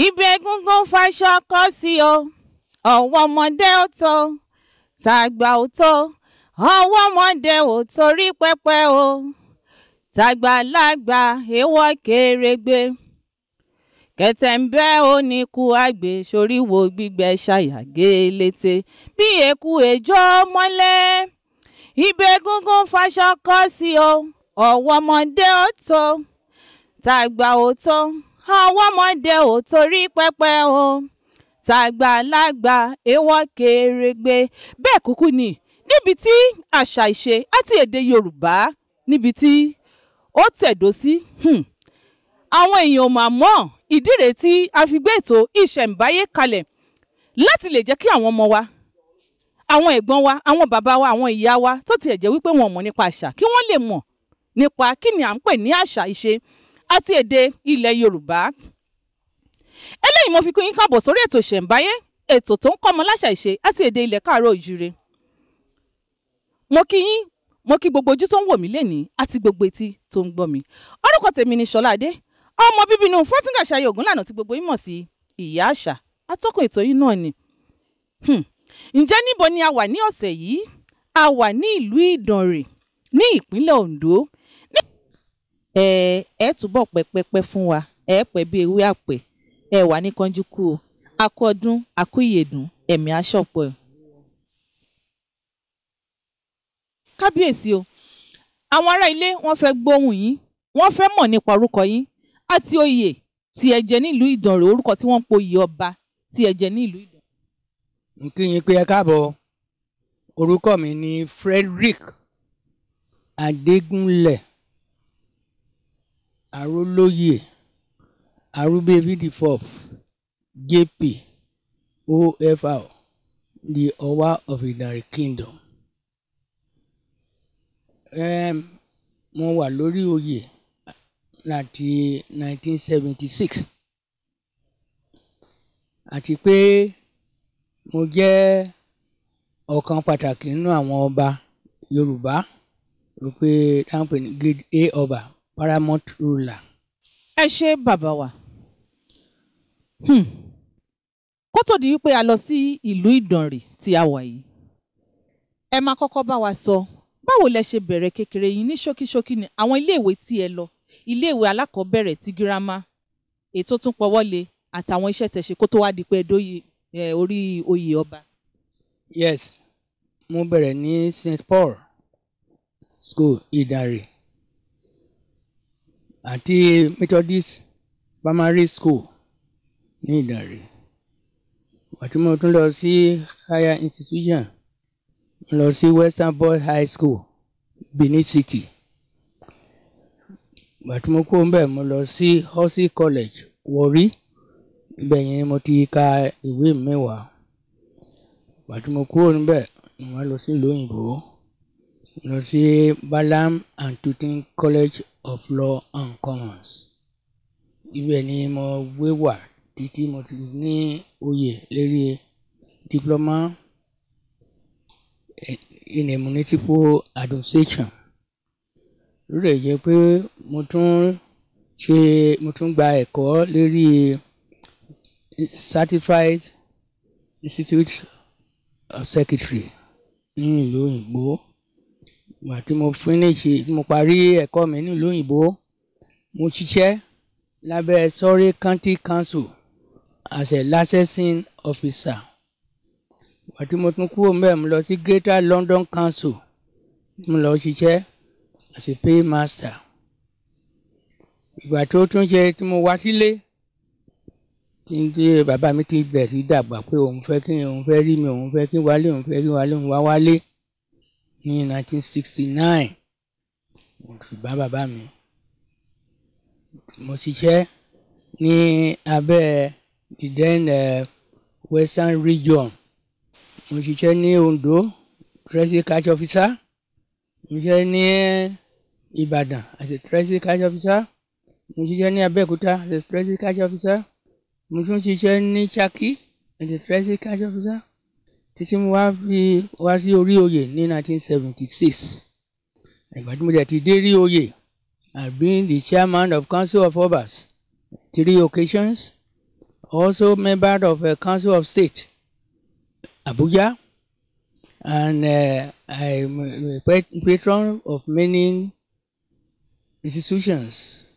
ibi egungun faṣọ kọ́ sí o ọ̀wọ́ ọmọdé ò tó tàgbà ò tó ọwọ́ ọmọdé ò torí pẹpẹ o tàgbàlagbà èèwọ̀ kérégbe kẹtẹ̀ǹbẹ́ oníkú àgbè soríwo gbígbẹ ṣàyàgé létè bí eku ejò mọ́lẹ̀ ibi egungun faṣọ kọ́ sí o ọ̀wọ́ ọmọdé ò tó tàgbà ò tó àwọn ọmọdé ò torí pẹpẹ o tàgbàlagbà èèwọ̀ kèrègbè bẹ́ẹ̀ kúkú ni níbi tí àṣà ìṣe àti èdè yorùbá níbi tí ó tẹ̀dó sí hmm. àwọn èèyàn mà mọ̀ ìdí rèé tí a fi gbé ètò ìṣẹ̀ǹbáyé kalẹ̀ láti lè jẹ́ kí àwọn ọmọ wa àwọn ẹ̀gbọ́n wa àwọn bàbá wa àwọn ìyá wa tó tiẹ̀ jẹ́ wípé wọn mọ̀ nípa àṣà kí wọ́n lè mọ̀ nípa kí ni à ń pè ní àṣà ìṣe àti èdè ilẹ̀ yorùbá. eléyìí mo fi kún yín káàbọ̀ sórí ètò ìṣẹ̀ǹbáyé ètò tó ń kọ́ ọmọ láṣà ìṣe àti èdè ilẹ̀ káàárọ̀ òjúre. mo kí yín mo kí gbogbo ojú tó ń wò mí lénìí àti gbogbo etí tó ń gbọ́ mi. orúkọ tèmi ni ṣọlá adé ọmọ bíbí inú fọ́tíngà ṣayé ògúnlànà tí gbogbo yín mọ̀ sí ìyá àṣà atọ́kùn ètò yìí náà ni. Hmm. ǹjẹ́ níbo ni a wà ní ọ̀sẹ̀ yìí a wà ní ìlú ìdànrè ní ìpínlẹ̀ ondo ẹ ẹ túbọ̀ pẹ́pẹ́pẹ́ fún wa ẹ pẹ́ bí ewé àpẹ́ ẹ wà ní kánjú kú o akọdún akúyèdùn ẹ̀mí aṣọ́pọ̀ ẹ̀. kábíyèsí o àwọn ará ilé wọ́n fẹ́ gbóhùn yín wọ́n fẹ́ mọ̀ nípa orúkọ yín àti oyè tí ẹ jẹ nílùú ìdànrè orúkọ tí wọ́n ń poyè ọba tí ẹ jẹ nílùú ìdànrè. n kí yín pé ẹ káàbọ̀ orúkọ mi ni Frederick Adégúnlẹ̀ arólóyè arúbábí the fourth jp ofr the Owa of Idari kingdom um, mo wà lórí oyè láti 1976 àti pé mo jẹ́ ọ̀kan pàtàkì nínú àwọn ọba Yorùbá wípé táwọn pè ní grade A ọba Paramount ruler. ẹ ṣe bàbá wa hmm. kó tó di wípé a lọ sí ìlú Ìdànrè tí a wà yìí ẹ máa kọ́kọ́ bá wa sọ báwo lẹ ṣe bẹ̀rẹ̀ kékeré yìí ní ṣókíṣókí ni àwọn iléèwé tí ẹ lọ iléèwé alákọ̀ọ́bẹ̀rẹ̀ ti girama ètò tún pọ̀wọ́lé àtàwọn iṣẹ́ tẹ́ ṣe kó tó wá di pé ẹ dóye orí oyè ọba. yes mo bẹ̀rẹ̀ ní St Paul school Ìdànrè àti Methodist primary school ní Ìdànrè àti mo tún lọ sí higher institution mo lọ sí Western Boys High School Benin City àti mo kúrò mbẹ̀ mo lọ sí Hussey College Warri ibẹ̀ yẹn ni mo ti ka ìwé mẹ́wàá àti mo kúrò níbẹ̀ mo lọ sí ìlú òyìnbó. Rosie Balaam and Tutin College of Law and Commerce. Ibẹ̀ ni mo gbé wà títí mo ti ní oyè lérí diploma in a municipal administration. Ó lè jẹ́ pé mo tún ṣe mo tún gba ẹ̀kọ́ lérí certified institute of secretary ní ìlú òyìnbó ìgbà tí mo finish mo parí ẹ̀kọ́ mi nílùú òyìnbó mo ṣiṣẹ́ lábẹ́ Surrey County Council as a licensing officer ìgbà tí mo tún kúrò mbẹ̀ mo lọ sí Greater London Council mo lọ ṣiṣẹ́ as a paymaster ìgbà tó tún ṣe tí mo wá sílé tí bàbá mi ti bẹ̀rẹ̀ sí dàgbà pé òun fẹ́ kí òun fẹ́ rí mi òun fẹ́ kí wálé òun fẹ́ kí wálé òun wá wálé ní 1969 mo fi bá bàbá mi mo ṣiṣẹ́ ní abẹ́ the then uh, western region mo ṣiṣẹ́ ní Ondo treasury cash officer mo ṣiṣẹ́ ní Ìbàdàn as a treasury cash officer mo ṣiṣẹ́ ní Abẹ́òkúta as a treasury cash officer mo tún ṣiṣẹ́ ní Ṣakí as a treasury cash officer títí mo wá fi wá sí orí oyè ní 1976 ìgbà tí mo dẹ̀ ti dé rí oyè I been the chairman of council of obas three occasions also member of a uh, council of state Abuja and uh, I'm a patron of many institutions.